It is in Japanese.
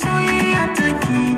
添い合